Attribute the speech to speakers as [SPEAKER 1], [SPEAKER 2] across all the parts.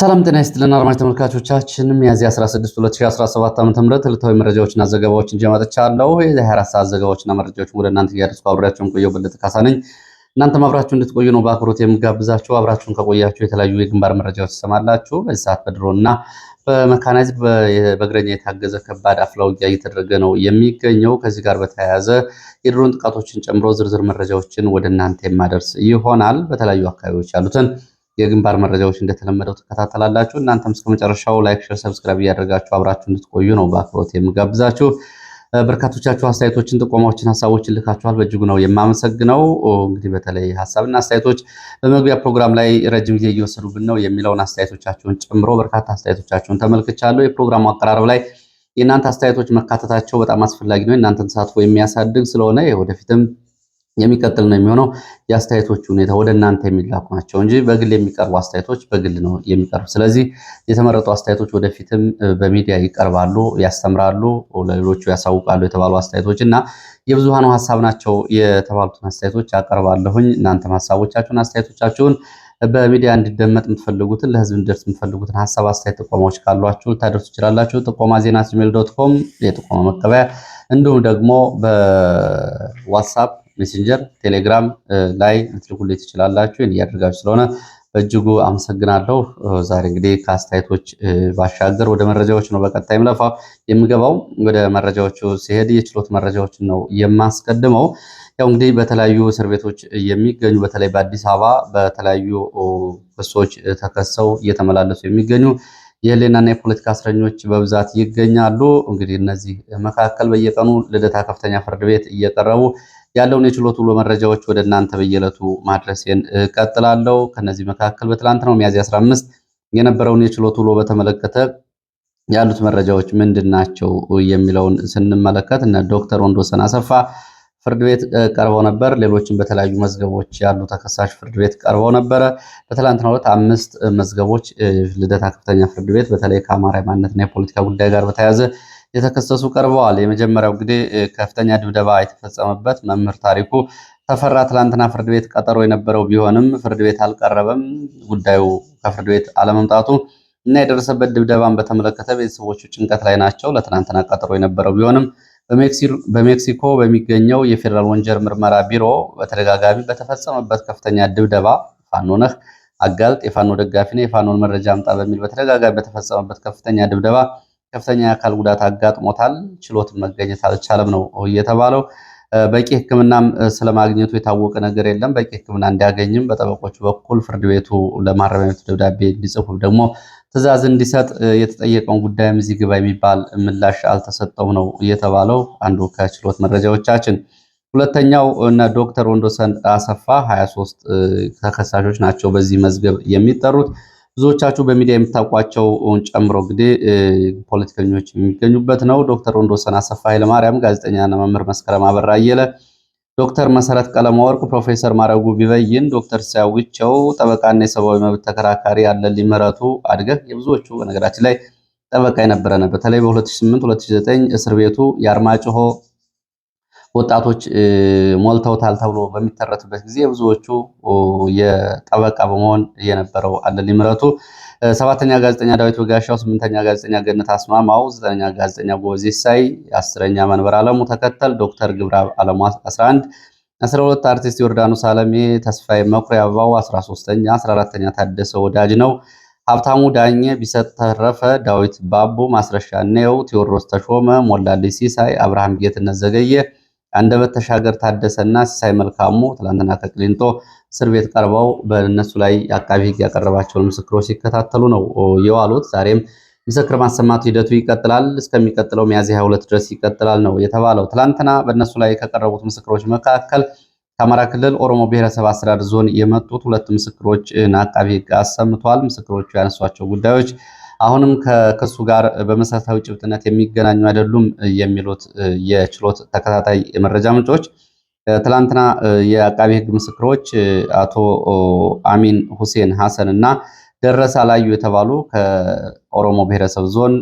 [SPEAKER 1] ሰላም ጤና ይስጥልን አድማጭ ተመልካቾቻችን፣ ሚያዝያ 16 2017 ዓ.ም ዕለታዊ መረጃዎችና ዘገባዎችን ይዤ መጥቻለሁ። የ24 ሰዓት ዘገባዎችና መረጃዎች ወደ እናንተ እያደረስኩ አብሬያችሁ የምቆየው በለጠ ካሳ ነኝ። እናንተም አብራችሁ እንድትቆዩ ነው በአክብሮት የምጋብዛችሁ። አብራችሁን ከቆያችሁ የተለያዩ የግንባር መረጃዎች ትሰማላችሁ። በዚህ ሰዓት በድሮና በመካናይዝ በእግረኛ የታገዘ ከባድ አፍላ ውጊያ እየተደረገ ነው የሚገኘው። ከዚህ ጋር በተያያዘ የድሮን ጥቃቶችን ጨምሮ ዝርዝር መረጃዎችን ወደ እናንተ የማደርስ ይሆናል። በተለያዩ አካባቢዎች ያሉትን የግንባር መረጃዎች እንደተለመደው ትከታተላላችሁ። እናንተም እስከ መጨረሻው ላይክ፣ ሼር፣ ሰብስክራይብ እያደረጋችሁ አብራችሁ እንድትቆዩ ነው በአክብሮት የምጋብዛችሁ። በርካቶቻችሁ አስተያየቶችን፣ ጥቆማዎችን፣ ሀሳቦችን ልካችኋል። በእጅጉ ነው የማመሰግነው። እንግዲህ በተለይ ሀሳብና አስተያየቶች በመግቢያ ፕሮግራም ላይ ረጅም ጊዜ እየወሰዱብን ነው የሚለውን አስተያየቶቻችሁን ጨምሮ በርካታ አስተያየቶቻችሁን ተመልክቻለሁ። የፕሮግራሙ አቀራረብ ላይ የእናንተ አስተያየቶች መካተታቸው በጣም አስፈላጊ ነው። የእናንተን ተሳትፎ የሚያሳድግ ስለሆነ ወደፊትም የሚቀጥል ነው የሚሆነው። የአስተያየቶቹ ሁኔታ ወደ እናንተ የሚላኩ ናቸው እንጂ በግል የሚቀርቡ አስተያየቶች በግል ነው የሚቀርቡ። ስለዚህ የተመረጡ አስተያየቶች ወደፊትም በሚዲያ ይቀርባሉ፣ ያስተምራሉ፣ ለሌሎቹ ያሳውቃሉ የተባሉ አስተያየቶች እና የብዙሃኑ ሀሳብ ናቸው የተባሉትን አስተያየቶች አቀርባለሁኝ። እናንተም ሀሳቦቻችሁን፣ አስተያየቶቻችሁን በሚዲያ እንዲደመጥ የምትፈልጉትን ለህዝብ እንዲደርስ የምትፈልጉትን ሀሳብ አስተያየት፣ ጥቆማዎች ካሏችሁ ታደርሱ ይችላላችሁ። ጥቆማ ዜና ጂሜል ዶት ኮም የጥቆማ መቀበያ እንዲሁም ደግሞ በዋትሳፕ ሜሴንጀር፣ ቴሌግራም ላይ ልትልኩልኝ ትችላላችሁ። እያደርጋችሁ ስለሆነ በእጅጉ አመሰግናለሁ። ዛሬ እንግዲህ ከአስተያየቶች ባሻገር ወደ መረጃዎች ነው በቀጣይ ምለፋ የሚገባው። ወደ መረጃዎቹ ሲሄድ የችሎት መረጃዎችን ነው የማስቀድመው። ያው እንግዲህ በተለያዩ እስር ቤቶች የሚገኙ በተለይ በአዲስ አበባ በተለያዩ ክሶች ተከሰው እየተመላለሱ የሚገኙ የህሊናና የፖለቲካ እስረኞች በብዛት ይገኛሉ። እንግዲህ እነዚህ መካከል በየቀኑ ልደታ ከፍተኛ ፍርድ ቤት እየቀረቡ ያለውን የችሎት ውሎ መረጃዎች ወደ እናንተ በየዕለቱ ማድረሴን እቀጥላለሁ። ከነዚህ መካከል በትላንት ነው ሚያዝያ 15 የነበረውን የችሎት ውሎ በተመለከተ ያሉት መረጃዎች ምንድን ናቸው የሚለውን ስንመለከት እነ ዶክተር ወንዶሰን አሰፋ ፍርድ ቤት ቀርበው ነበር። ሌሎችም በተለያዩ መዝገቦች ያሉ ተከሳሽ ፍርድ ቤት ቀርበው ነበረ። በትላንትናው ዕለት አምስት መዝገቦች ልደታ ከፍተኛ ፍርድ ቤት በተለይ ከአማራ ማንነትና የፖለቲካ ጉዳይ ጋር በተያያዘ የተከሰሱ ቀርበዋል። የመጀመሪያው እንግዲህ ከፍተኛ ድብደባ የተፈጸመበት መምህር ታሪኩ ተፈራ ትላንትና ፍርድ ቤት ቀጠሮ የነበረው ቢሆንም ፍርድ ቤት አልቀረበም። ጉዳዩ ከፍርድ ቤት አለመምጣቱ እና የደረሰበት ድብደባን በተመለከተ ቤተሰቦቹ ጭንቀት ላይ ናቸው። ለትናንትና ቀጠሮ የነበረው ቢሆንም በሜክሲኮ በሚገኘው የፌዴራል ወንጀል ምርመራ ቢሮ በተደጋጋሚ በተፈጸመበት ከፍተኛ ድብደባ ፋኖ ነህ አጋልጥ፣ የፋኖ ደጋፊና የፋኖን መረጃ አምጣ በሚል በተደጋጋሚ በተፈጸመበት ከፍተኛ ድብደባ ከፍተኛ የአካል ጉዳት አጋጥሞታል፣ ችሎት መገኘት አልቻለም ነው እየተባለው። በቂ ሕክምናም ስለማግኘቱ የታወቀ ነገር የለም። በቂ ሕክምና እንዲያገኝም በጠበቆቹ በኩል ፍርድ ቤቱ ለማረሚያ ቤቱ ደብዳቤ እንዲጽፉ ደግሞ ትዕዛዝ እንዲሰጥ የተጠየቀውን ጉዳይም እዚህ ግባ የሚባል ምላሽ አልተሰጠውም ነው እየተባለው። አንዱ ከችሎት መረጃዎቻችን። ሁለተኛው እነ ዶክተር ወንዶሰን አሰፋ 23 ተከሳሾች ናቸው በዚህ መዝገብ የሚጠሩት። ብዙዎቻችሁ በሚዲያ የምታውቋቸውን ጨምሮ እንግዲህ ፖለቲከኞች የሚገኙበት ነው። ዶክተር ወንዶሰን አሰፋ ኃይለማርያም፣ ጋዜጠኛና መምህር መስከረም አበራ አየለ፣ ዶክተር መሰረት ቀለማወርቅ፣ ፕሮፌሰር ማረጉ ቢበይን፣ ዶክተር ሲያዊቸው፣ ጠበቃና የሰብአዊ መብት ተከራካሪ ያለልኝ ምህረቱ አድገህ የብዙዎቹ በነገራችን ላይ ጠበቃ የነበረ ነበር። በተለይ በ2008 2009 እስር ቤቱ የአርማጭሆ ወጣቶች ሞልተውታል ተብሎ በሚተረትበት ጊዜ ብዙዎቹ የጠበቃ በመሆን የነበረው አለልኝ ምረቱ፣ ሰባተኛ ጋዜጠኛ ዳዊት በጋሻው፣ ስምንተኛ ጋዜጠኛ ገነት አስማማው፣ ዘጠነኛ ጋዜጠኛ ጎበዜ ሲሳይ፣ አስረኛ መንበር አለሙ ተከተል፣ ዶክተር ግብረ አለሙ 11 12 አርቲስት ዮርዳኖስ አለሜ፣ ተስፋዬ መኩሪያ አበባው 13ኛ፣ 14ኛ ታደሰ ወዳጅ ነው ሀብታሙ ዳኘ፣ ቢሰጥ ተረፈ፣ ዳዊት ባቦ፣ ማስረሻ ነው፣ ቴዎድሮስ ተሾመ፣ ሞላልኝ ሲሳይ፣ አብርሃም ጌትነት ዘገየ አንደበት ተሻገር ታደሰና ሲሳይ መልካሙ ትላንትና ከቅሊንጦ እስር ቤት ቀርበው በእነሱ ላይ አቃቢ ሕግ ያቀረባቸውን ምስክሮች ሲከታተሉ ነው የዋሉት። ዛሬም ምስክር ማሰማቱ ሂደቱ ይቀጥላል። እስከሚቀጥለው ሚያዝያ 22 ድረስ ይቀጥላል ነው የተባለው። ትላንትና በእነሱ ላይ ከቀረቡት ምስክሮች መካከል ከአማራ ክልል ኦሮሞ ብሔረሰብ አስተዳደር ዞን የመጡት ሁለት ምስክሮች አቃቢ ሕግ አሰምቷል። ምስክሮቹ ያነሷቸው ጉዳዮች አሁንም ከክሱ ጋር በመሰረታዊ ጭብጥነት የሚገናኙ አይደሉም የሚሉት የችሎት ተከታታይ የመረጃ ምንጮች ትላንትና የአቃቢ ሕግ ምስክሮች አቶ አሚን ሁሴን ሐሰን እና ደረሰ አላዩ የተባሉ ከኦሮሞ ብሔረሰብ ዞን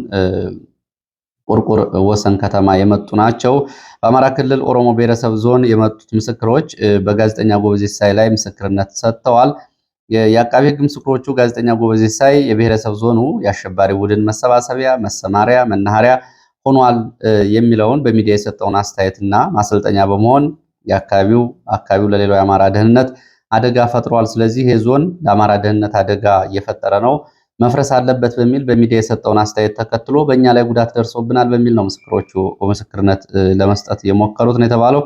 [SPEAKER 1] ቁርቁር ወሰን ከተማ የመጡ ናቸው። በአማራ ክልል ኦሮሞ ብሔረሰብ ዞን የመጡት ምስክሮች በጋዜጠኛ ጎበዜ ሳይ ላይ ምስክርነት ሰጥተዋል። የአቃቤ ሕግ ምስክሮቹ ጋዜጠኛ ጎበዜ ሳይ የብሔረሰብ ዞኑ የአሸባሪ ቡድን መሰባሰቢያ፣ መሰማሪያ፣ መናኸሪያ ሆኗል የሚለውን በሚዲያ የሰጠውን አስተያየትና ማሰልጠኛ በመሆን የአካባቢው አካባቢው ለሌላው የአማራ ደህንነት አደጋ ፈጥሯል። ስለዚህ ይህ ዞን ለአማራ ደህንነት አደጋ እየፈጠረ ነው፣ መፍረስ አለበት በሚል በሚዲያ የሰጠውን አስተያየት ተከትሎ በእኛ ላይ ጉዳት ደርሶብናል በሚል ነው ምስክሮቹ ምስክርነት ለመስጠት የሞከሩት ነው የተባለው።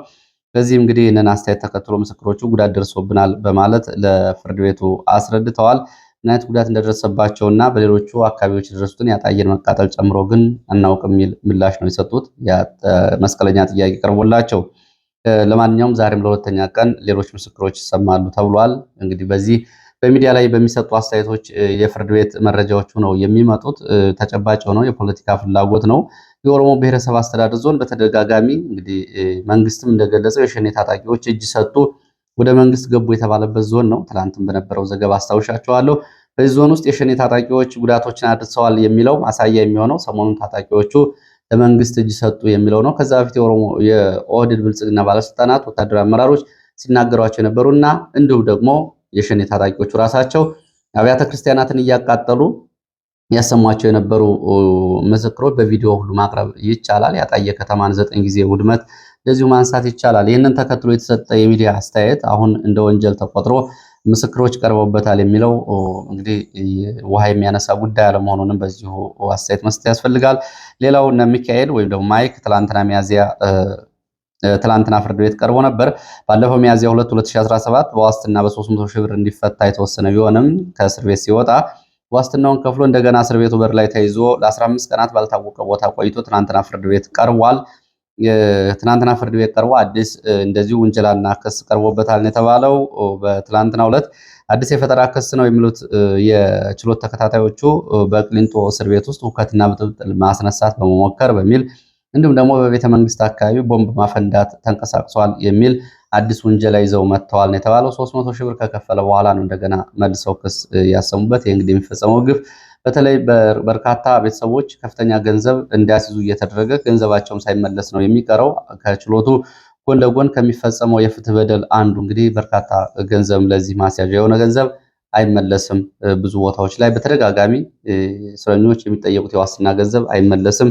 [SPEAKER 1] በዚህ እንግዲህ ይህንን አስተያየት ተከትሎ ምስክሮቹ ጉዳት ደርሶብናል በማለት ለፍርድ ቤቱ አስረድተዋል። ምን አይነት ጉዳት እንደደረሰባቸውና በሌሎቹ አካባቢዎች የደረሱትን ያጣየን መቃጠል ጨምሮ ግን አናውቅም የሚል ምላሽ ነው የሰጡት መስቀለኛ ጥያቄ ቀርቦላቸው። ለማንኛውም ዛሬም ለሁለተኛ ቀን ሌሎች ምስክሮች ይሰማሉ ተብሏል። እንግዲህ በዚህ በሚዲያ ላይ በሚሰጡ አስተያየቶች የፍርድ ቤት መረጃዎቹ ነው የሚመጡት። ተጨባጭ ሆነው የፖለቲካ ፍላጎት ነው የኦሮሞ ብሔረሰብ አስተዳደር ዞን በተደጋጋሚ እንግዲህ መንግስትም እንደገለጸው የሸኔ ታጣቂዎች እጅ ሰጡ ወደ መንግስት ገቡ የተባለበት ዞን ነው። ትላንትም በነበረው ዘገባ አስታውሻቸዋለሁ። በዚህ ዞን ውስጥ የሸኔ ታጣቂዎች ጉዳቶችን አድርሰዋል የሚለው ማሳያ የሚሆነው ሰሞኑን ታጣቂዎቹ ለመንግስት እጅ ሰጡ የሚለው ነው። ከዛ በፊት የኦህድድ ብልጽግና ባለስልጣናት፣ ወታደራዊ አመራሮች ሲናገሯቸው የነበሩ እና እንዲሁም ደግሞ የሸኔ ታጣቂዎቹ ራሳቸው አብያተ ክርስቲያናትን እያቃጠሉ ያሰሟቸው የነበሩ ምስክሮች በቪዲዮ ሁሉ ማቅረብ ይቻላል። ያጣየ ከተማን ዘጠኝ ጊዜ ውድመት እንደዚሁ ማንሳት ይቻላል። ይህንን ተከትሎ የተሰጠ የሚዲያ አስተያየት አሁን እንደ ወንጀል ተቆጥሮ ምስክሮች ቀርበውበታል የሚለው እንግዲህ ውሃ የሚያነሳ ጉዳይ አለመሆኑንም በዚሁ አስተያየት መስጠት ያስፈልጋል። ሌላው እነ ሚካኤል ወይም ደግሞ ማይክ ትላንትና ሚያዝያ ትላንትና ፍርድ ቤት ቀርቦ ነበር። ባለፈው ሚያዝያ 2 2017 በዋስትና በ300 ሺህ ብር እንዲፈታ የተወሰነ ቢሆንም ከእስር ቤት ሲወጣ ዋስትናውን ከፍሎ እንደገና እስር ቤቱ በር ላይ ተይዞ ለ15 ቀናት ባልታወቀ ቦታ ቆይቶ ትናንትና ፍርድ ቤት ቀርቧል። ትናንትና ፍርድ ቤት ቀርቦ አዲስ እንደዚሁ ውንጀላና ክስ ቀርቦበታል የተባለው በትናንትናው ዕለት አዲስ የፈጠራ ክስ ነው የሚሉት የችሎት ተከታታዮቹ በቅሊንጦ እስር ቤት ውስጥ ሁከትና ብጥብጥ ማስነሳት በመሞከር በሚል እንዲሁም ደግሞ በቤተ መንግስት አካባቢ ቦምብ ማፈንዳት ተንቀሳቅሷል የሚል አዲስ ውንጀላ ይዘው መጥተዋል ነው የተባለው። 300 ሺህ ብር ከከፈለ በኋላ ነው እንደገና መልሰው ክስ ያሰሙበት። ይህ እንግዲህ የሚፈጸመው ግፍ በተለይ በርካታ ቤተሰቦች ከፍተኛ ገንዘብ እንዲያስይዙ እየተደረገ ገንዘባቸውም ሳይመለስ ነው የሚቀረው። ከችሎቱ ጎን ለጎን ከሚፈጸመው የፍትህ በደል አንዱ እንግዲህ በርካታ ገንዘብ ለዚህ ማስያዣ የሆነ ገንዘብ አይመለስም። ብዙ ቦታዎች ላይ በተደጋጋሚ እስረኞች የሚጠየቁት የዋስትና ገንዘብ አይመለስም።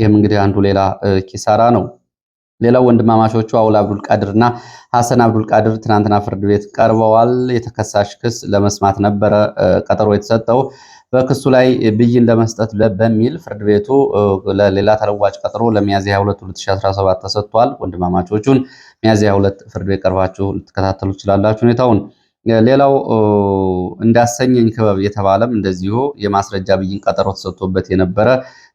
[SPEAKER 1] ይህም እንግዲህ አንዱ ሌላ ኪሳራ ነው። ሌላው ወንድማማቾቹ አውል አብዱል ቃድር እና ሐሰን አብዱል ቃድር ትናንትና ፍርድ ቤት ቀርበዋል። የተከሳሽ ክስ ለመስማት ነበረ ቀጠሮ የተሰጠው። በክሱ ላይ ብይን ለመስጠት በሚል ፍርድ ቤቱ ለሌላ ተለዋጭ ቀጠሮ ለሚያዝያ 22 2017 ተሰጥቷል። ወንድማማቾቹን ሚያዝያ 2 ፍርድ ቤት ቀርባችሁ ልትከታተሉ ትችላላችሁ ሁኔታውን። ሌላው እንዳሰኘኝ ክበብ የተባለም እንደዚሁ የማስረጃ ብይን ቀጠሮ ተሰጥቶበት የነበረ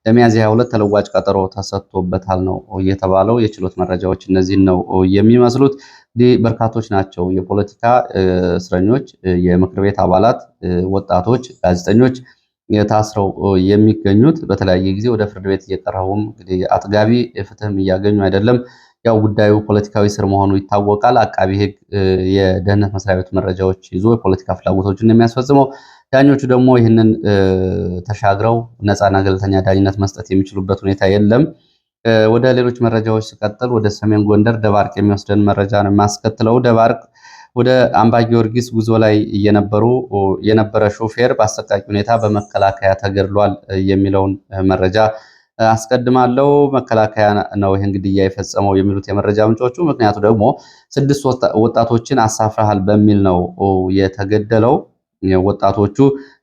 [SPEAKER 1] ለሚያዝያ 22 ተለዋጭ ቀጠሮ ተሰጥቶበታል ነው እየተባለው። የችሎት መረጃዎች እነዚህን ነው የሚመስሉት። እንግዲህ በርካቶች ናቸው የፖለቲካ እስረኞች፣ የምክር ቤት አባላት፣ ወጣቶች፣ ጋዜጠኞች ታስረው የሚገኙት በተለያየ ጊዜ ወደ ፍርድ ቤት እየቀረቡም እንግዲህ አጥጋቢ ፍትህም እያገኙ አይደለም። ያው ጉዳዩ ፖለቲካዊ ስር መሆኑ ይታወቃል። አቃቢ ህግ የደህንነት መስሪያ ቤት መረጃዎች ይዞ የፖለቲካ ፍላጎቶችን የሚያስፈጽመው ዳኞቹ ደግሞ ይህንን ተሻግረው ነፃና ገለልተኛ ዳኝነት መስጠት የሚችሉበት ሁኔታ የለም። ወደ ሌሎች መረጃዎች ስቀጥል ወደ ሰሜን ጎንደር ደባርቅ የሚወስደን መረጃ ነው የማስከትለው። ደባርቅ ወደ አምባ ጊዮርጊስ ጉዞ ላይ እየነበሩ የነበረ ሾፌር በአሰቃቂ ሁኔታ በመከላከያ ተገድሏል የሚለውን መረጃ አስቀድማለሁ። መከላከያ ነው ይህን ግድያ የፈጸመው የሚሉት የመረጃ ምንጮቹ። ምክንያቱ ደግሞ ስድስት ወጣቶችን አሳፍረሃል በሚል ነው የተገደለው። ወጣቶቹ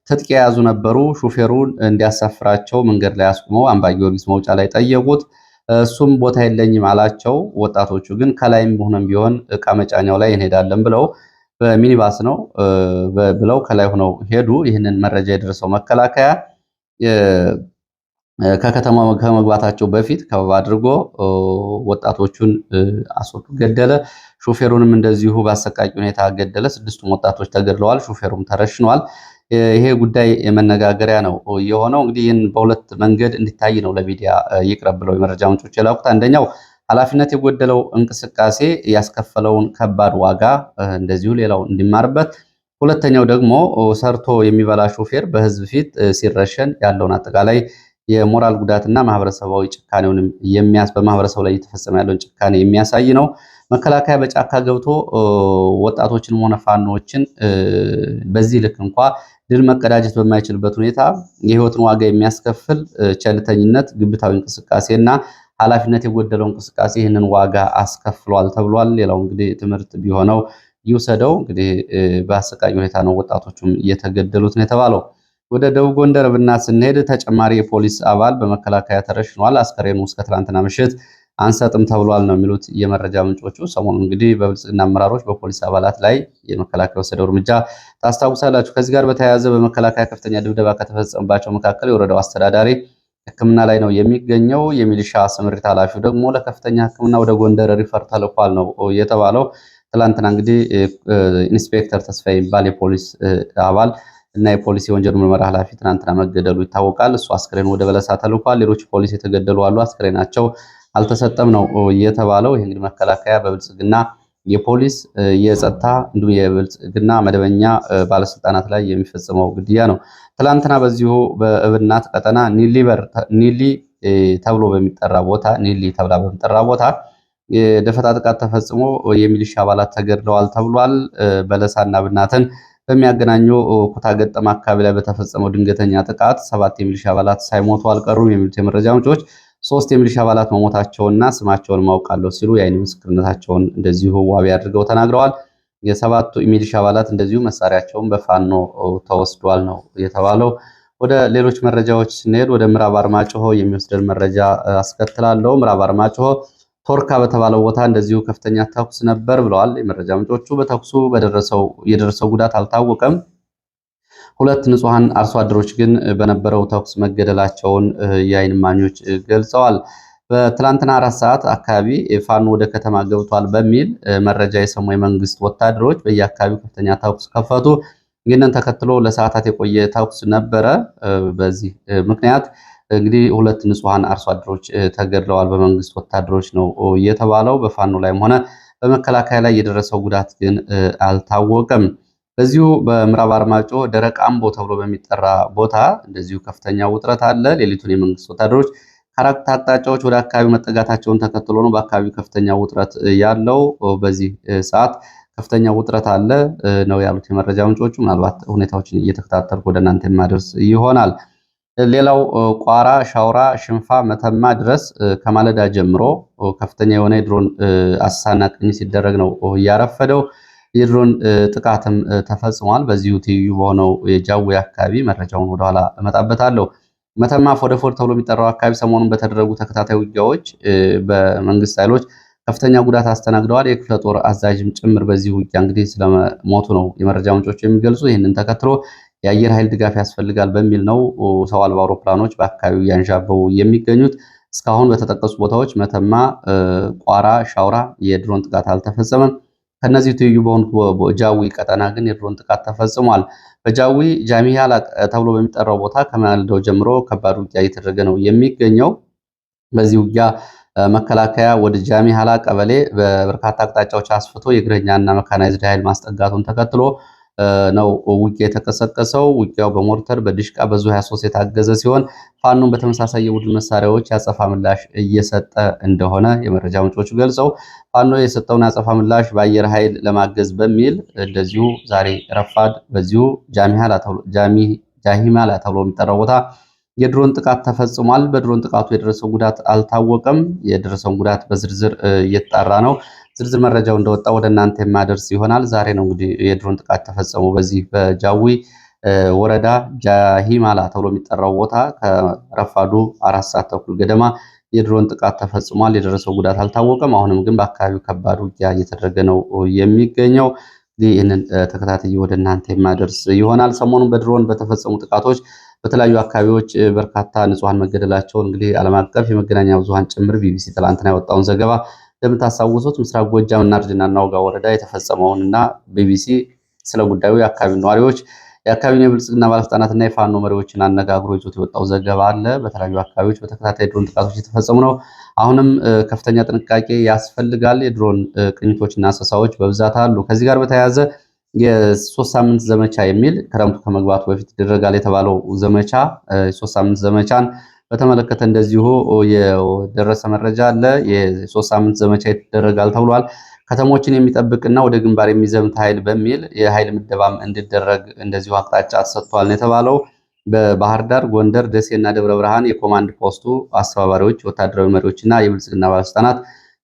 [SPEAKER 1] ትጥቅ የያዙ ነበሩ። ሹፌሩን እንዲያሳፍራቸው መንገድ ላይ አስቁመው አምባ ጊዮርጊስ መውጫ ላይ ጠየቁት። እሱም ቦታ የለኝም አላቸው። ወጣቶቹ ግን ከላይም ሆነም ቢሆን እቃ መጫኛው ላይ እንሄዳለን ብለው በሚኒባስ ነው ብለው ከላይ ሆነው ሄዱ። ይህንን መረጃ የደረሰው መከላከያ ከከተማ ከመግባታቸው በፊት ከበብ አድርጎ ወጣቶቹን አስወጡ፣ ገደለ። ሾፌሩንም እንደዚሁ በአሰቃቂ ሁኔታ ገደለ። ስድስቱም ወጣቶች ተገድለዋል፣ ሾፌሩም ተረሽኗል። ይሄ ጉዳይ መነጋገሪያ ነው የሆነው። እንግዲህ ይህን በሁለት መንገድ እንዲታይ ነው ለሚዲያ ይቅረብ ብለው የመረጃ ምንጮች የላኩት። አንደኛው ኃላፊነት የጎደለው እንቅስቃሴ ያስከፈለውን ከባድ ዋጋ እንደዚሁ ሌላው እንዲማርበት፣ ሁለተኛው ደግሞ ሰርቶ የሚበላ ሾፌር በህዝብ ፊት ሲረሸን ያለውን አጠቃላይ የሞራል ጉዳትና ማህበረሰባዊ ጭካኔውንም የሚያስ በማህበረሰቡ ላይ እየተፈጸመ ያለውን ጭካኔ የሚያሳይ ነው። መከላከያ በጫካ ገብቶ ወጣቶችን ሆነ ፋኖዎችን በዚህ ልክ እንኳ ድል መቀዳጀት በማይችልበት ሁኔታ የህይወትን ዋጋ የሚያስከፍል ቸልተኝነት፣ ግብታዊ እንቅስቃሴና ኃላፊነት የጎደለው እንቅስቃሴ ይህንን ዋጋ አስከፍሏል ተብሏል። ሌላው እንግዲህ ትምህርት ቢሆነው ይውሰደው። እንግዲህ በአሰቃቂ ሁኔታ ነው ወጣቶቹም እየተገደሉት ነው የተባለው። ወደ ደቡብ ጎንደር ብና ስንሄድ ተጨማሪ የፖሊስ አባል በመከላከያ ተረሽኗል። አስከሬኑ እስከ ትላንትና ምሽት አንሰጥም ተብሏል ነው የሚሉት የመረጃ ምንጮቹ። ሰሞኑ እንግዲህ በብልጽግና አመራሮች በፖሊስ አባላት ላይ የመከላከያ ወሰደው እርምጃ ታስታውሳላችሁ። ከዚህ ጋር በተያያዘ በመከላከያ ከፍተኛ ድብደባ ከተፈጸመባቸው መካከል የወረዳው አስተዳዳሪ ሕክምና ላይ ነው የሚገኘው። የሚሊሻ ስምሪት ኃላፊው ደግሞ ለከፍተኛ ሕክምና ወደ ጎንደር ሪፈር ተልኳል ነው የተባለው። ትላንትና እንግዲህ ኢንስፔክተር ተስፋ የሚባል የፖሊስ አባል እና የፖሊስ የወንጀል ምርመራ ኃላፊ ትናንትና መገደሉ ይታወቃል። እሱ አስክሬን ወደ በለሳ ተልኳል። ሌሎች ፖሊስ የተገደሉ አሉ። አስክሬናቸው አልተሰጠም ነው የተባለው። ይህ እንግዲህ መከላከያ በብልጽግና የፖሊስ የጸጥታ እንዲሁም የብልጽግና መደበኛ ባለስልጣናት ላይ የሚፈጽመው ግድያ ነው። ትላንትና በዚሁ በእብናት ቀጠና ኒሊ ተብሎ በሚጠራ ቦታ ኒሊ ተብላ በሚጠራ ቦታ የደፈጣ ጥቃት ተፈጽሞ የሚሊሻ አባላት ተገድለዋል ተብሏል። በለሳና እብናትን በሚያገናኘው ኩታ ገጠም አካባቢ ላይ በተፈጸመው ድንገተኛ ጥቃት ሰባት የሚሊሻ አባላት ሳይሞቱ አልቀሩም የሚሉት የመረጃ ምንጮች ሶስት የሚሊሻ አባላት መሞታቸውንና ስማቸውን ማውቃለሁ ሲሉ የአይን ምስክርነታቸውን እንደዚሁ ዋቢ አድርገው ተናግረዋል። የሰባቱ ሚሊሻ አባላት እንደዚሁ መሳሪያቸውን በፋኖ ተወስዷል ነው የተባለው። ወደ ሌሎች መረጃዎች ስንሄድ ወደ ምዕራብ አርማጭሆ የሚወስደን መረጃ አስከትላለሁ። ምዕራብ አርማጭሆ ቶርካ በተባለው ቦታ እንደዚሁ ከፍተኛ ተኩስ ነበር ብለዋል የመረጃ ምንጮቹ። በተኩሱ የደረሰው ጉዳት አልታወቀም። ሁለት ንጹሐን አርሶ አደሮች ግን በነበረው ተኩስ መገደላቸውን የአይን እማኞች ገልጸዋል። በትላንትና አራት ሰዓት አካባቢ ፋኖ ወደ ከተማ ገብቷል በሚል መረጃ የሰሙ የመንግስት ወታደሮች በየአካባቢው ከፍተኛ ተኩስ ከፈቱ። ይህንን ተከትሎ ለሰዓታት የቆየ ተኩስ ነበረ። በዚህ ምክንያት እንግዲህ ሁለት ንጹሐን አርሶ አደሮች ተገድለዋል በመንግስት ወታደሮች ነው የተባለው። በፋኖ ላይም ሆነ በመከላከያ ላይ የደረሰው ጉዳት ግን አልታወቀም። በዚሁ በምዕራብ አርማጮ ደረቅ አምቦ ተብሎ በሚጠራ ቦታ እንደዚሁ ከፍተኛ ውጥረት አለ። ሌሊቱን የመንግስት ወታደሮች ከአራት አቅጣጫዎች ወደ አካባቢው መጠጋታቸውን ተከትሎ ነው በአካባቢው ከፍተኛ ውጥረት ያለው። በዚህ ሰዓት ከፍተኛ ውጥረት አለ ነው ያሉት የመረጃ ምንጮቹ። ምናልባት ሁኔታዎችን እየተከታተልኩ ወደ እናንተ የማደርስ ይሆናል። ሌላው ቋራ፣ ሻውራ፣ ሽንፋ፣ መተማ ድረስ ከማለዳ ጀምሮ ከፍተኛ የሆነ የድሮን አሰሳና ቅኝ ሲደረግ ነው እያረፈደው። የድሮን ጥቃትም ተፈጽሟል። በዚሁ ትይዩ በሆነው የጃዌ አካባቢ መረጃውን ወደኋላ እመጣበታለሁ። መተማ ፎደፎድ ተብሎ የሚጠራው አካባቢ ሰሞኑን በተደረጉ ተከታታይ ውጊያዎች በመንግስት ኃይሎች ከፍተኛ ጉዳት አስተናግደዋል። የክፍለ ጦር አዛዥም ጭምር በዚህ ውጊያ እንግዲህ ስለሞቱ ነው የመረጃ ምንጮች የሚገልጹ። ይህንን ተከትሎ የአየር ኃይል ድጋፍ ያስፈልጋል በሚል ነው ሰው አልባ አውሮፕላኖች በአካባቢው እያንዣበቡ የሚገኙት። እስካሁን በተጠቀሱ ቦታዎች መተማ፣ ቋራ፣ ሻውራ የድሮን ጥቃት አልተፈጸመም። ከነዚህ ትይዩ በሆኑ ጃዊ ቀጠና ግን የድሮን ጥቃት ተፈጽሟል። በጃዊ ጃሚያ ተብሎ በሚጠራው ቦታ ከማለዳው ጀምሮ ከባድ ውጊያ እየተደረገ ነው የሚገኘው። በዚህ ውጊያ መከላከያ ወደ ጃሚ ሀላ ቀበሌ በበርካታ አቅጣጫዎች አስፍቶ የእግረኛና መካናይዝድ ኃይል ማስጠጋቱን ተከትሎ ነው ውጊያ የተቀሰቀሰው። ውጊያው በሞርተር በድሽቃ በዙ 23 የታገዘ ሲሆን ፋኖን በተመሳሳይ የቡድን መሳሪያዎች ያጸፋ ምላሽ እየሰጠ እንደሆነ የመረጃ ምንጮቹ ገልጸው ፋኖ የሰጠውን ያጸፋ ምላሽ በአየር ኃይል ለማገዝ በሚል እንደዚሁ ዛሬ ረፋድ በዚሁ ጃሂማላ ተብሎ የሚጠራው ቦታ የድሮን ጥቃት ተፈጽሟል። በድሮን ጥቃቱ የደረሰው ጉዳት አልታወቀም። የደረሰውን ጉዳት በዝርዝር እየተጣራ ነው። ዝርዝር መረጃው እንደወጣ ወደ እናንተ የማደርስ ይሆናል። ዛሬ ነው እንግዲህ የድሮን ጥቃት ተፈጸሙ። በዚህ በጃዊ ወረዳ ጃሂማላ ተብሎ የሚጠራው ቦታ ከረፋዱ አራት ሰዓት ተኩል ገደማ የድሮን ጥቃት ተፈጽሟል። የደረሰው ጉዳት አልታወቀም። አሁንም ግን በአካባቢው ከባድ ውጊያ እየተደረገ ነው የሚገኘው። ይህንን ተከታትዬ ወደ እናንተ የማደርስ ይሆናል። ሰሞኑን በድሮን በተፈጸሙ ጥቃቶች በተለያዩ አካባቢዎች በርካታ ንጹሐን መገደላቸውን እንግዲህ ዓለም አቀፍ የመገናኛ ብዙሃን ጭምር ቢቢሲ ትላንትና ያወጣውን ዘገባ እንደምታስታውሱት ምስራቅ ጎጃም እናርጅና እናውጋ ወረዳ የተፈጸመውን እና ቢቢሲ ስለ ጉዳዩ የአካባቢ ነዋሪዎች የአካባቢውን የብልጽግና ባለስልጣናትና የፋኖ መሪዎችን አነጋግሮ ይዞት የወጣው ዘገባ አለ። በተለያዩ አካባቢዎች በተከታታይ ድሮን ጥቃቶች የተፈጸሙ ነው። አሁንም ከፍተኛ ጥንቃቄ ያስፈልጋል። የድሮን ቅኝቶችና ሰሳዎች በብዛት አሉ። ከዚህ ጋር በተያያዘ የሶስት ሳምንት ዘመቻ የሚል ክረምቱ ከመግባቱ በፊት ይደረጋል የተባለው ዘመቻ የሶስት ሳምንት ዘመቻን በተመለከተ እንደዚሁ የደረሰ መረጃ አለ። የሶስት ሳምንት ዘመቻ ይደረጋል ተብሏል። ከተሞችን የሚጠብቅና ወደ ግንባር የሚዘምት ኃይል በሚል የኃይል ምደባም እንዲደረግ እንደዚሁ አቅጣጫ ተሰጥቷል ነው የተባለው። በባህር ዳር፣ ጎንደር፣ ደሴና ደብረ ብርሃን የኮማንድ ፖስቱ አስተባባሪዎች፣ ወታደራዊ መሪዎችና የብልጽግና ባለስልጣናት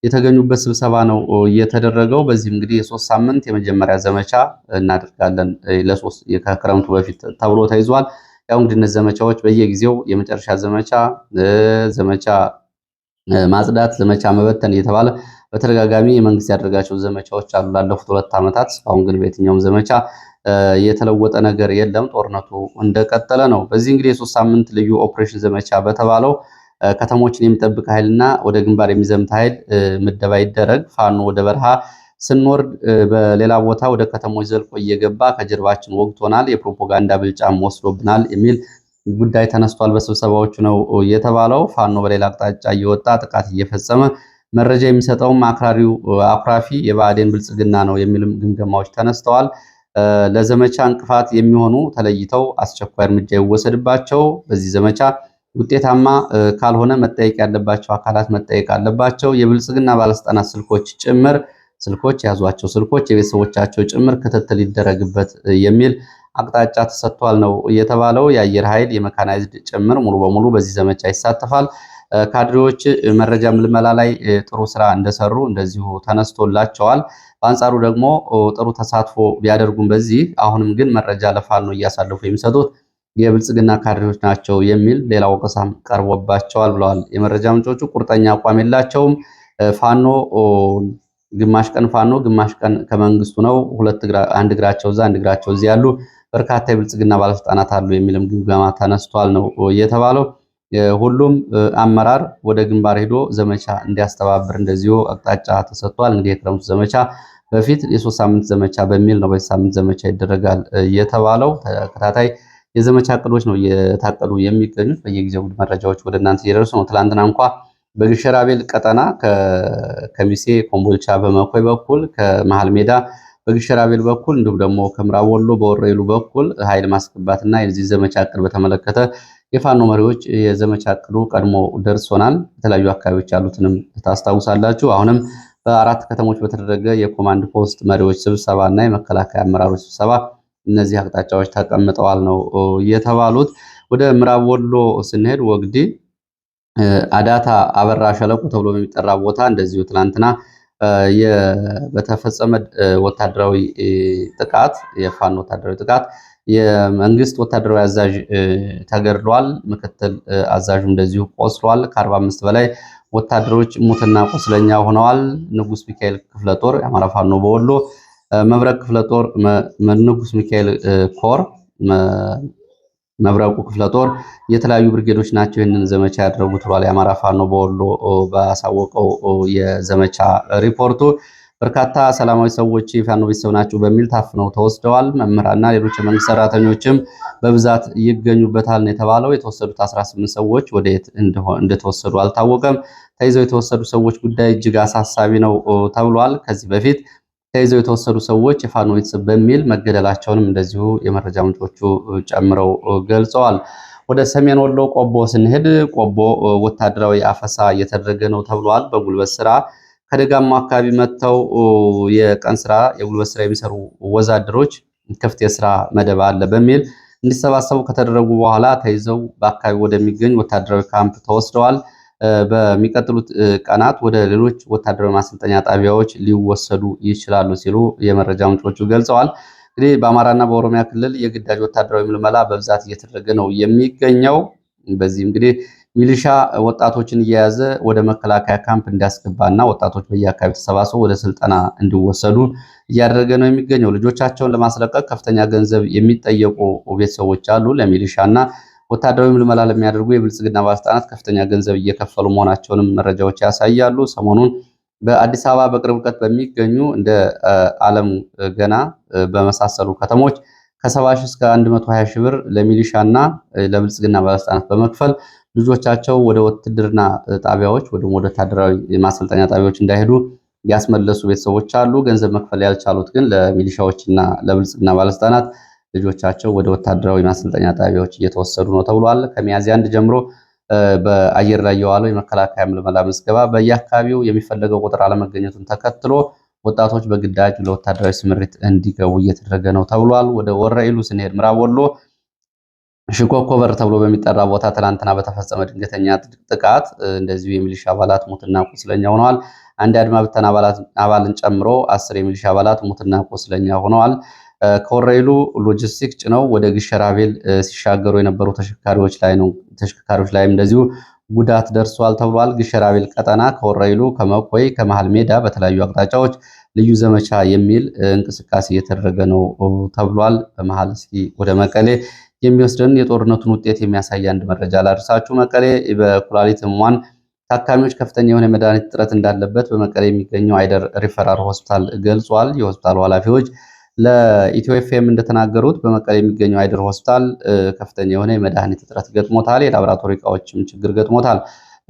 [SPEAKER 1] የተገኙበት ስብሰባ ነው እየተደረገው። በዚህም እንግዲህ የሶስት ሳምንት የመጀመሪያ ዘመቻ እናደርጋለን ለሶስት ከክረምቱ በፊት ተብሎ ተይዟል። ያው እንግድነት ዘመቻዎች በየጊዜው የመጨረሻ ዘመቻ፣ ዘመቻ ማጽዳት፣ ዘመቻ መበተን እየተባለ በተደጋጋሚ የመንግስት ያደረጋቸው ዘመቻዎች አሉ ላለፉት ሁለት ዓመታት። አሁን ግን በየትኛውም ዘመቻ የተለወጠ ነገር የለም። ጦርነቱ እንደቀጠለ ነው። በዚህ እንግዲህ የሶስት ሳምንት ልዩ ኦፕሬሽን ዘመቻ በተባለው ከተሞችን የሚጠብቅ ኃይልና ወደ ግንባር የሚዘምት ኃይል ምደባ ይደረግ። ፋኖ ወደ በረሃ ስንወርድ በሌላ ቦታ ወደ ከተሞች ዘልቆ እየገባ ከጀርባችን ወግቶናል፣ የፕሮፓጋንዳ ብልጫም ወስዶብናል የሚል ጉዳይ ተነስቷል። በስብሰባዎቹ ነው የተባለው። ፋኖ በሌላ አቅጣጫ እየወጣ ጥቃት እየፈጸመ መረጃ የሚሰጠውም አክራሪው አኩራፊ የብአዴን ብልጽግና ነው የሚልም ግምገማዎች ተነስተዋል። ለዘመቻ እንቅፋት የሚሆኑ ተለይተው አስቸኳይ እርምጃ ይወሰድባቸው። በዚህ ዘመቻ ውጤታማ ካልሆነ መጠየቅ ያለባቸው አካላት መጠየቅ አለባቸው። የብልጽግና ባለስልጣናት ስልኮች ጭምር ስልኮች የያዟቸው ስልኮች የቤተሰቦቻቸው ጭምር ክትትል ይደረግበት የሚል አቅጣጫ ተሰጥቷል ነው የተባለው። የአየር ኃይል የመካናይዝድ ጭምር ሙሉ በሙሉ በዚህ ዘመቻ ይሳተፋል። ካድሬዎች መረጃ ምልመላ ላይ ጥሩ ስራ እንደሰሩ እንደዚሁ ተነስቶላቸዋል። በአንጻሩ ደግሞ ጥሩ ተሳትፎ ቢያደርጉም በዚህ አሁንም ግን መረጃ ለፋኖ ነው እያሳለፉ የሚሰጡት የብልጽግና ካድሬዎች ናቸው የሚል ሌላ ወቀሳም ቀርቦባቸዋል ብለዋል የመረጃ ምንጮቹ። ቁርጠኛ አቋም የላቸውም ፋኖ ግማሽ ቀን ፋኖ ግማሽ ቀን ከመንግስቱ ነው። ሁለት አንድ እግራቸው እዛ አንድ እግራቸው እዚህ ያሉ በርካታ የብልጽግና ባለስልጣናት አሉ የሚልም ግምገማ ተነስቷል ነው የተባለው። ሁሉም አመራር ወደ ግንባር ሄዶ ዘመቻ እንዲያስተባብር እንደዚሁ አቅጣጫ ተሰጥቷል። እንግዲህ የክረምቱ ዘመቻ በፊት የሶስት ሳምንት ዘመቻ በሚል ነው በዚህ ሳምንት ዘመቻ ይደረጋል የተባለው። ተከታታይ የዘመቻ እቅዶች ነው እየታቀዱ የሚገኙት። በየጊዜው መረጃዎች ወደ እናንተ እየደረሱ ነው። ትላንትና እንኳ በግሸራቤል ቀጠና ከሚሴ ኮምቦልቻ በመኮይ በኩል ከመሃል ሜዳ በግሸራቤል በኩል እንዲሁም ደግሞ ከምዕራብ ወሎ በወረኢሉ በኩል ኃይል ማስገባትና የዚህ ዘመቻ እቅድ በተመለከተ የፋኖ መሪዎች የዘመቻ እቅዱ ቀድሞ ደርሶናል። የተለያዩ አካባቢዎች ያሉትንም ታስታውሳላችሁ። አሁንም በአራት ከተሞች በተደረገ የኮማንድ ፖስት መሪዎች ስብሰባ እና የመከላከያ አመራሮች ስብሰባ እነዚህ አቅጣጫዎች ተቀምጠዋል ነው የተባሉት። ወደ ምዕራብ ወሎ ስንሄድ ወግዲ አዳታ አበራ ሸለቆ ተብሎ በሚጠራ ቦታ እንደዚሁ ትናንትና በተፈጸመ ወታደራዊ ጥቃት የፋኖ ወታደራዊ ጥቃት የመንግስት ወታደራዊ አዛዥ ተገድሏል። ምክትል አዛዥ እንደዚሁ ቆስሏል። ከአርባ አምስት በላይ ወታደሮች ሙትና ቁስለኛ ሆነዋል። ንጉስ ሚካኤል ክፍለ ጦር የአማራ ፋኖ በወሎ መብረቅ ክፍለ ጦር ንጉስ ሚካኤል ኮር መብረቁ ክፍለ ጦር የተለያዩ ብርጌዶች ናቸው ይህንን ዘመቻ ያደረጉት ብሏል። የአማራ ፋኖ በወሎ ባሳወቀው የዘመቻ ሪፖርቱ በርካታ ሰላማዊ ሰዎች ፋኖ ቤተሰብ ናቸው በሚል ታፍነው ተወስደዋል። መምህራንና ሌሎች የመንግስት ሰራተኞችም በብዛት ይገኙበታል ነው የተባለው። የተወሰዱት 18 ሰዎች ወደት እንደተወሰዱ አልታወቀም። ተይዘው የተወሰዱ ሰዎች ጉዳይ እጅግ አሳሳቢ ነው ተብሏል። ከዚህ በፊት ተይዘው የተወሰዱ ሰዎች የፋኖ ቤተሰብ በሚል መገደላቸውንም እንደዚሁ የመረጃ ምንጮቹ ጨምረው ገልጸዋል። ወደ ሰሜን ወሎ ቆቦ ስንሄድ ቆቦ ወታደራዊ አፈሳ እየተደረገ ነው ተብሏል። በጉልበት ስራ ከደጋማ አካባቢ መጥተው የቀን ስራ የጉልበት ስራ የሚሰሩ ወዛደሮች ክፍት የስራ መደብ አለ በሚል እንዲሰባሰቡ ከተደረጉ በኋላ ተይዘው በአካባቢ ወደሚገኝ ወታደራዊ ካምፕ ተወስደዋል። በሚቀጥሉት ቀናት ወደ ሌሎች ወታደራዊ ማሰልጠኛ ጣቢያዎች ሊወሰዱ ይችላሉ ሲሉ የመረጃ ምንጮቹ ገልጸዋል። እንግዲህ በአማራና በኦሮሚያ ክልል የግዳጅ ወታደራዊ ምልመላ በብዛት እየተደረገ ነው የሚገኘው። በዚህ እንግዲህ ሚሊሻ ወጣቶችን እየያዘ ወደ መከላከያ ካምፕ እንዲያስገባና ወጣቶች በየአካባቢ ተሰባስበው ወደ ስልጠና እንዲወሰዱ እያደረገ ነው የሚገኘው። ልጆቻቸውን ለማስለቀቅ ከፍተኛ ገንዘብ የሚጠየቁ ቤተሰቦች አሉ እና ወታደራዊ ምልመላ ለሚያደርጉ የብልጽግና ባለስልጣናት ከፍተኛ ገንዘብ እየከፈሉ መሆናቸውንም መረጃዎች ያሳያሉ። ሰሞኑን በአዲስ አበባ በቅርብ ርቀት በሚገኙ እንደ ዓለም ገና በመሳሰሉ ከተሞች ከሰባ ሺህ እስከ 120 ሺህ ብር ለሚሊሻ ለብልጽግና ባለስልጣናት በመክፈል ልጆቻቸው ወደ ውትድርና ጣቢያዎች ወደ ወታደራዊ ማሰልጠኛ ጣቢያዎች እንዳይሄዱ ያስመለሱ ቤተሰቦች አሉ። ገንዘብ መክፈል ያልቻሉት ግን ለሚሊሻዎች እና ለብልጽግና ባለስልጣናት ልጆቻቸው ወደ ወታደራዊ ማሰልጠኛ ጣቢያዎች እየተወሰዱ ነው ተብሏል። ከሚያዝያ አንድ ጀምሮ በአየር ላይ የዋለው የመከላከያ ምልመላ ምዝገባ በየአካባቢው የሚፈለገው ቁጥር አለመገኘቱን ተከትሎ ወጣቶች በግዳጅ ለወታደራዊ ስምሪት እንዲገቡ እየተደረገ ነው ተብሏል። ወደ ወረኢሉ ስንሄድ ምዕራብ ወሎ ሽኮኮበር ተብሎ በሚጠራ ቦታ ትናንትና በተፈጸመ ድንገተኛ ጥቃት እንደዚሁ የሚሊሻ አባላት ሙትና ቁስለኛ ሆነዋል። አንድ አድማ ብተና አባልን ጨምሮ አስር የሚሊሻ አባላት ሙትና ቁስለኛ ሆነዋል። ከወረኢሉ ሎጂስቲክ ጭነው ወደ ግሸራቤል ሲሻገሩ የነበሩ ተሽከርካሪዎች ላይ ነው ተሽከርካሪዎች ላይም እንደዚሁ ጉዳት ደርሷል ተብሏል። ግሸራቤል ቀጠና ከወረይሉ ከመኮይ፣ ከመሃል ሜዳ በተለያዩ አቅጣጫዎች ልዩ ዘመቻ የሚል እንቅስቃሴ እየተደረገ ነው ተብሏል። በመሃል እስኪ ወደ መቀሌ የሚወስደን የጦርነቱን ውጤት የሚያሳይ አንድ መረጃ ላደርሳችሁ። መቀሌ በኩላሊት ህሙማን ታካሚዎች ከፍተኛ የሆነ የመድኃኒት እጥረት እንዳለበት በመቀሌ የሚገኘው አይደር ሪፈራል ሆስፒታል ገልጿል። የሆስፒታሉ ኃላፊዎች ለኢትዮ ኤፍኤም እንደተናገሩት በመቀሌ የሚገኘው አይደር ሆስፒታል ከፍተኛ የሆነ የመድኃኒት እጥረት ገጥሞታል። የላቦራቶሪ እቃዎችም ችግር ገጥሞታል።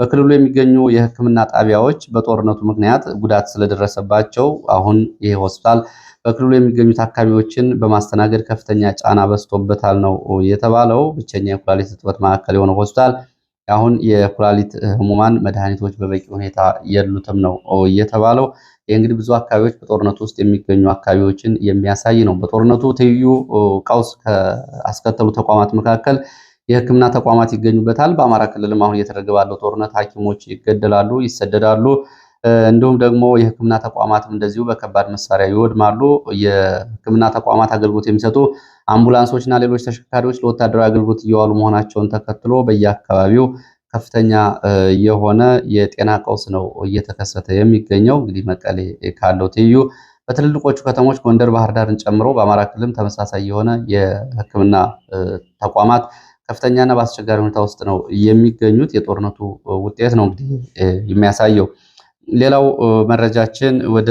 [SPEAKER 1] በክልሉ የሚገኙ የሕክምና ጣቢያዎች በጦርነቱ ምክንያት ጉዳት ስለደረሰባቸው አሁን ይሄ ሆስፒታል በክልሉ የሚገኙ ታካሚዎችን በማስተናገድ ከፍተኛ ጫና በስቶበታል ነው የተባለው። ብቸኛ የኩላሊት እጥበት ማዕከል የሆነው ሆስፒታል አሁን የኩላሊት ህሙማን መድኃኒቶች በበቂ ሁኔታ የሉትም ነው እየተባለው። ይህ እንግዲህ ብዙ አካባቢዎች በጦርነቱ ውስጥ የሚገኙ አካባቢዎችን የሚያሳይ ነው። በጦርነቱ ትይዩ ቀውስ ከአስከተሉ ተቋማት መካከል የህክምና ተቋማት ይገኙበታል። በአማራ ክልልም አሁን እየተደረገ ባለው ጦርነት ሐኪሞች ይገደላሉ፣ ይሰደዳሉ። እንዲሁም ደግሞ የህክምና ተቋማትም እንደዚሁ በከባድ መሳሪያ ይወድማሉ። የህክምና ተቋማት አገልግሎት የሚሰጡ አምቡላንሶችና ሌሎች ተሽከርካሪዎች ለወታደራዊ አገልግሎት እየዋሉ መሆናቸውን ተከትሎ በየአካባቢው ከፍተኛ የሆነ የጤና ቀውስ ነው እየተከሰተ የሚገኘው። እንግዲህ መቀሌ ካለው ትይዩ በትልልቆቹ ከተሞች ጎንደር፣ ባህር ዳርን ጨምሮ በአማራ ክልልም ተመሳሳይ የሆነ የሕክምና ተቋማት ከፍተኛና በአስቸጋሪ ሁኔታ ውስጥ ነው የሚገኙት። የጦርነቱ ውጤት ነው እንግዲህ የሚያሳየው። ሌላው መረጃችን ወደ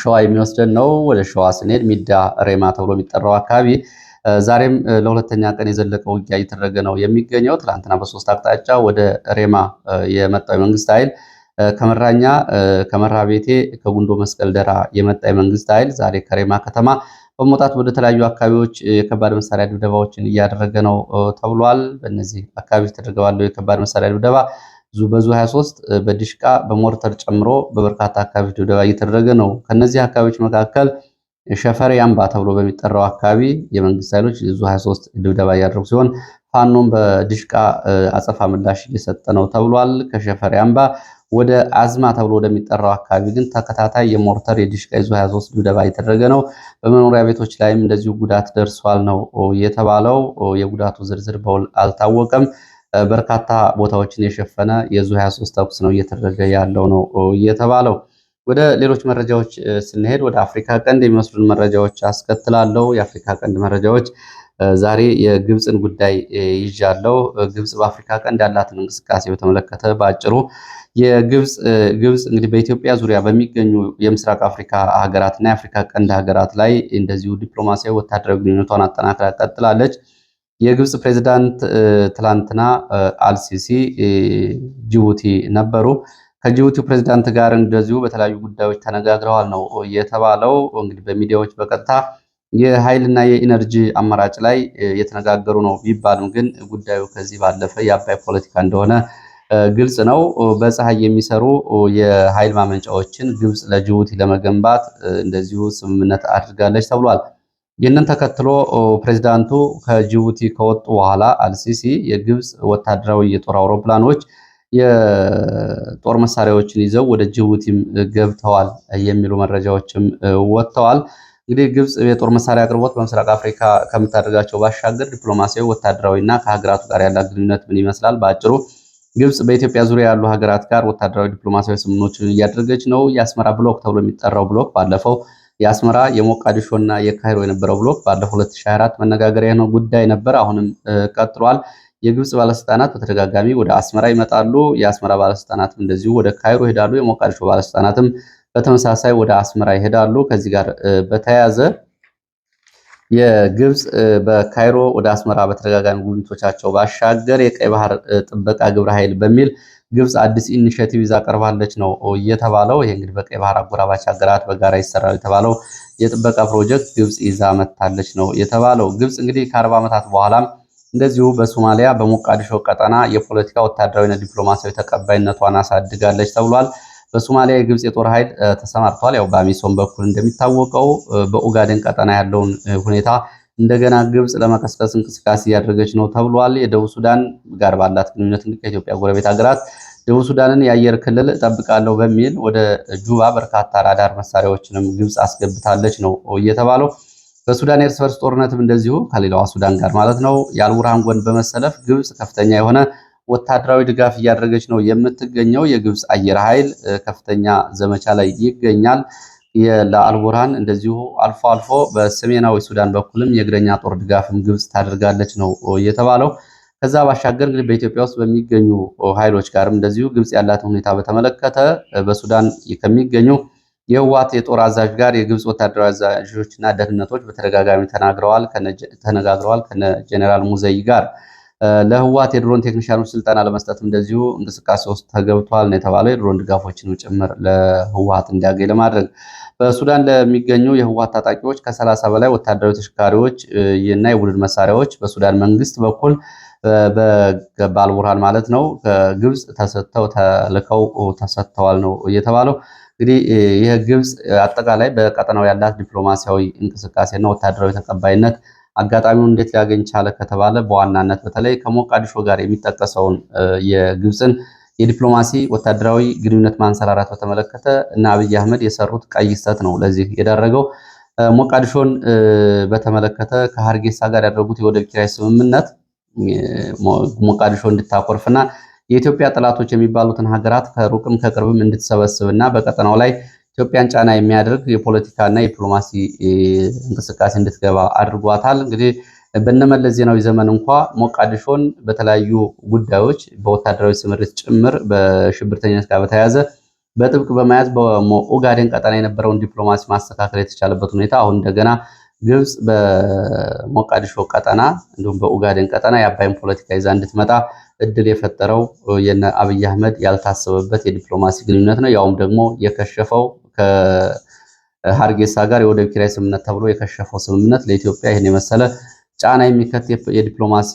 [SPEAKER 1] ሸዋ የሚወስደን ነው። ወደ ሸዋ ስንሄድ ሚዳ ሬማ ተብሎ የሚጠራው አካባቢ ዛሬም ለሁለተኛ ቀን የዘለቀ ውጊያ እየተደረገ ነው የሚገኘው። ትላንትና በሶስት አቅጣጫ ወደ ሬማ የመጣው የመንግስት ኃይል ከመራኛ፣ ከመራ ቤቴ፣ ከጉንዶ መስቀል ደራ የመጣ የመንግስት ኃይል ዛሬ ከሬማ ከተማ በመውጣት ወደ ተለያዩ አካባቢዎች የከባድ መሳሪያ ድብደባዎችን እያደረገ ነው ተብሏል። በእነዚህ አካባቢዎች ተደርገ ባለው የከባድ መሳሪያ ድብደባ በዙ 23 በዲሽቃ በሞርተር ጨምሮ በበርካታ አካባቢዎች ድብደባ እየተደረገ ነው። ከነዚህ አካባቢዎች መካከል ሸፈሪ ያምባ ተብሎ በሚጠራው አካባቢ የመንግስት ኃይሎች ዙ 23 ድብደባ እያደረጉ ሲሆን ፋኖም በዲሽቃ አጸፋ ምላሽ እየሰጠ ነው ተብሏል። ከሸፈሪ ያምባ ወደ አዝማ ተብሎ ወደሚጠራው አካባቢ ግን ተከታታይ የሞርተር የዲሽቃ ዙ 23 ድብደባ እየተደረገ ነው። በመኖሪያ ቤቶች ላይም እንደዚሁ ጉዳት ደርሷል ነው የተባለው። የጉዳቱ ዝርዝር በውል አልታወቀም። በርካታ ቦታዎችን የሸፈነ የዙ 23 ተኩስ ነው እየተደረገ ያለው ነው እየተባለው። ወደ ሌሎች መረጃዎች ስንሄድ ወደ አፍሪካ ቀንድ የሚመስሉን መረጃዎች አስከትላለው። የአፍሪካ ቀንድ መረጃዎች ዛሬ የግብፅን ጉዳይ ይዣለው። ግብፅ በአፍሪካ ቀንድ ያላትን እንቅስቃሴ በተመለከተ በአጭሩ የግብፅ ግብፅ እንግዲህ በኢትዮጵያ ዙሪያ በሚገኙ የምስራቅ አፍሪካ ሀገራትና የአፍሪካ ቀንድ ሀገራት ላይ እንደዚሁ ዲፕሎማሲያዊ፣ ወታደራዊ ግንኙነቷን አጠናክራ ቀጥላለች። የግብፅ ፕሬዚዳንት ትላንትና አልሲሲ ጅቡቲ ነበሩ። ከጅቡቲው ፕሬዚዳንት ጋር እንደዚሁ በተለያዩ ጉዳዮች ተነጋግረዋል ነው የተባለው። እንግዲህ በሚዲያዎች በቀጥታ የኃይልና የኢነርጂ አማራጭ ላይ የተነጋገሩ ነው ቢባልም ግን ጉዳዩ ከዚህ ባለፈ የአባይ ፖለቲካ እንደሆነ ግልጽ ነው። በፀሐይ የሚሰሩ የኃይል ማመንጫዎችን ግብፅ ለጅቡቲ ለመገንባት እንደዚሁ ስምምነት አድርጋለች ተብሏል። ይህንን ተከትሎ ፕሬዚዳንቱ ከጅቡቲ ከወጡ በኋላ አልሲሲ የግብፅ ወታደራዊ የጦር አውሮፕላኖች የጦር መሳሪያዎችን ይዘው ወደ ጅቡቲም ገብተዋል የሚሉ መረጃዎችም ወጥተዋል። እንግዲህ ግብፅ የጦር መሳሪያ አቅርቦት በምስራቅ አፍሪካ ከምታደርጋቸው ባሻገር ዲፕሎማሲያዊ፣ ወታደራዊና ከሀገራቱ ጋር ያላት ግንኙነት ምን ይመስላል? በአጭሩ ግብፅ በኢትዮጵያ ዙሪያ ያሉ ሀገራት ጋር ወታደራዊ፣ ዲፕሎማሲያዊ ስምምኖችን እያደረገች ነው። የአስመራ ብሎክ ተብሎ የሚጠራው ብሎክ ባለፈው የአስመራ የሞቃዲሾና የካይሮ የነበረው ብሎክ ባለ 2024 መነጋገሪያ ነው ጉዳይ ነበር። አሁንም ቀጥሏል። የግብጽ ባለስልጣናት በተደጋጋሚ ወደ አስመራ ይመጣሉ። የአስመራ ባለስልጣናትም እንደዚሁ ወደ ካይሮ ይሄዳሉ። የሞቃዲሾ ባለስልጣናትም በተመሳሳይ ወደ አስመራ ይሄዳሉ። ከዚህ ጋር በተያያዘ የግብፅ በካይሮ ወደ አስመራ በተደጋጋሚ ጉብኝቶቻቸው ባሻገር የቀይ ባህር ጥበቃ ግብረ ኃይል በሚል ግብፅ አዲስ ኢኒሽቲቭ ይዛ ቀርባለች ነው እየተባለው። ይህ እንግዲህ በቀይ ባህር አጎራባች ሀገራት በጋራ ይሰራል የተባለው የጥበቃ ፕሮጀክት ግብፅ ይዛ መታለች ነው የተባለው። ግብፅ እንግዲህ ከአርባ ዓመታት በኋላም እንደዚሁ በሶማሊያ በሞቃዲሾ ቀጠና የፖለቲካ ወታደራዊና ዲፕሎማሲያዊ ተቀባይነቷን አሳድጋለች ተብሏል። በሶማሊያ የግብፅ የጦር ኃይል ተሰማርቷል። ያው በአሚሶም በኩል እንደሚታወቀው በኦጋዴን ቀጠና ያለውን ሁኔታ እንደገና ግብፅ ለመቀስቀስ እንቅስቃሴ እያደረገች ነው ተብሏል። የደቡብ ሱዳን ጋር ባላት ግንኙነት እንግዲህ ከኢትዮጵያ ጎረቤት ሀገራት ደቡብ ሱዳንን የአየር ክልል ጠብቃለሁ በሚል ወደ ጁባ በርካታ ራዳር መሳሪያዎችንም ግብፅ አስገብታለች ነው እየተባለው። በሱዳን የእርስ በርስ ጦርነትም እንደዚሁ ከሌላዋ ሱዳን ጋር ማለት ነው የአልቡርሃን ጎን በመሰለፍ ግብፅ ከፍተኛ የሆነ ወታደራዊ ድጋፍ እያደረገች ነው የምትገኘው። የግብፅ አየር ኃይል ከፍተኛ ዘመቻ ላይ ይገኛል። ለአልቡርሃን እንደዚሁ አልፎ አልፎ በሰሜናዊ ሱዳን በኩልም የእግረኛ ጦር ድጋፍም ግብፅ ታደርጋለች ነው የተባለው። ከዛ ባሻገር እንግዲህ በኢትዮጵያ ውስጥ በሚገኙ ኃይሎች ጋርም እንደዚሁ ግብፅ ያላትን ሁኔታ በተመለከተ በሱዳን ከሚገኙ የህዋት የጦር አዛዥ ጋር የግብፅ ወታደራዊ አዛዦችና ደህንነቶች በተደጋጋሚ ተነጋግረዋል ከነ ጀኔራል ሙዘይ ጋር ለህዋት የድሮን ቴክኒሽያኖች ስልጠና ለመስጠት እንደዚሁ እንቅስቃሴ ውስጥ ተገብቷል ነው የተባለው። የድሮን ድጋፎችን ጭምር ለህዋት እንዲያገኝ ለማድረግ በሱዳን ለሚገኙ የህዋት ታጣቂዎች ከሰላሳ በላይ ወታደራዊ ተሽከርካሪዎች እና የቡድን መሳሪያዎች በሱዳን መንግስት በኩል በገባል ቡርሃን ማለት ነው ከግብፅ ተሰጥተው ተልከው ተሰጥተዋል ነው እየተባለው። እንግዲህ ይህ ግብፅ አጠቃላይ በቀጠናው ያላት ዲፕሎማሲያዊ እንቅስቃሴና ወታደራዊ ተቀባይነት አጋጣሚውን እንዴት ሊያገኝ ቻለ ከተባለ በዋናነት በተለይ ከሞቃዲሾ ጋር የሚጠቀሰውን የግብፅን የዲፕሎማሲ ወታደራዊ ግንኙነት ማንሰራራት በተመለከተ እና አብይ አህመድ የሰሩት ቀይ ስተት ነው ለዚህ የዳረገው። ሞቃዲሾን በተመለከተ ከሀርጌሳ ጋር ያደረጉት የወደብ ኪራይ ስምምነት ሞቃዲሾ እንድታኮርፍና የኢትዮጵያ ጠላቶች የሚባሉትን ሀገራት ከሩቅም ከቅርብም እንድትሰበስብና በቀጠናው ላይ ኢትዮጵያን ጫና የሚያደርግ የፖለቲካና የዲፕሎማሲ እንቅስቃሴ እንድትገባ አድርጓታል። እንግዲህ በነመለስ ዜናዊ ዘመን እንኳ ሞቃዲሾን በተለያዩ ጉዳዮች በወታደራዊ ስምሪት ጭምር በሽብርተኝነት ጋር በተያያዘ በጥብቅ በመያዝ በኦጋዴን ቀጠና የነበረውን ዲፕሎማሲ ማስተካከል የተቻለበት ሁኔታ አሁን እንደገና ግብጽ በሞቃዲሾ ቀጠና እንዲሁም በኡጋዴን ቀጠና የአባይን ፖለቲካ ይዛ እንድትመጣ እድል የፈጠረው የነ አብይ አህመድ ያልታሰበበት የዲፕሎማሲ ግንኙነት ነው። ያውም ደግሞ የከሸፈው ከሀርጌሳ ጋር የወደብ ኪራይ ስምምነት ተብሎ የከሸፈው ስምምነት ለኢትዮጵያ ይህን የመሰለ ጫና የሚከት የዲፕሎማሲ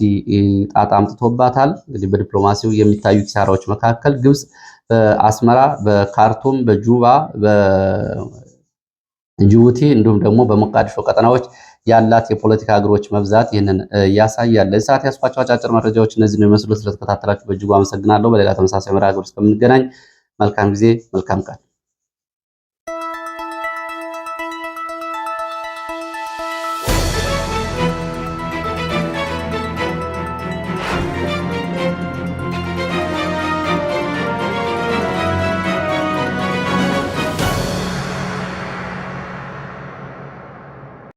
[SPEAKER 1] ጣጣ አምጥቶባታል። እንግዲህ በዲፕሎማሲው የሚታዩ ኪሳራዎች መካከል ግብጽ በአስመራ፣ በካርቱም፣ በጁባ፣ በጅቡቲ እንዲሁም ደግሞ በሞቃዲሾ ቀጠናዎች ያላት የፖለቲካ እግሮች መብዛት ይህንን ያሳያል። ለዚህ ሰዓት ያስኳቸው አጫጭር መረጃዎች እነዚህ ነው የሚመስሉ። ስለተከታተላችሁ በእጅጉ አመሰግናለሁ። በሌላ ተመሳሳይ መርሃ ግብር እስከምንገናኝ መልካም ጊዜ፣ መልካም ቀን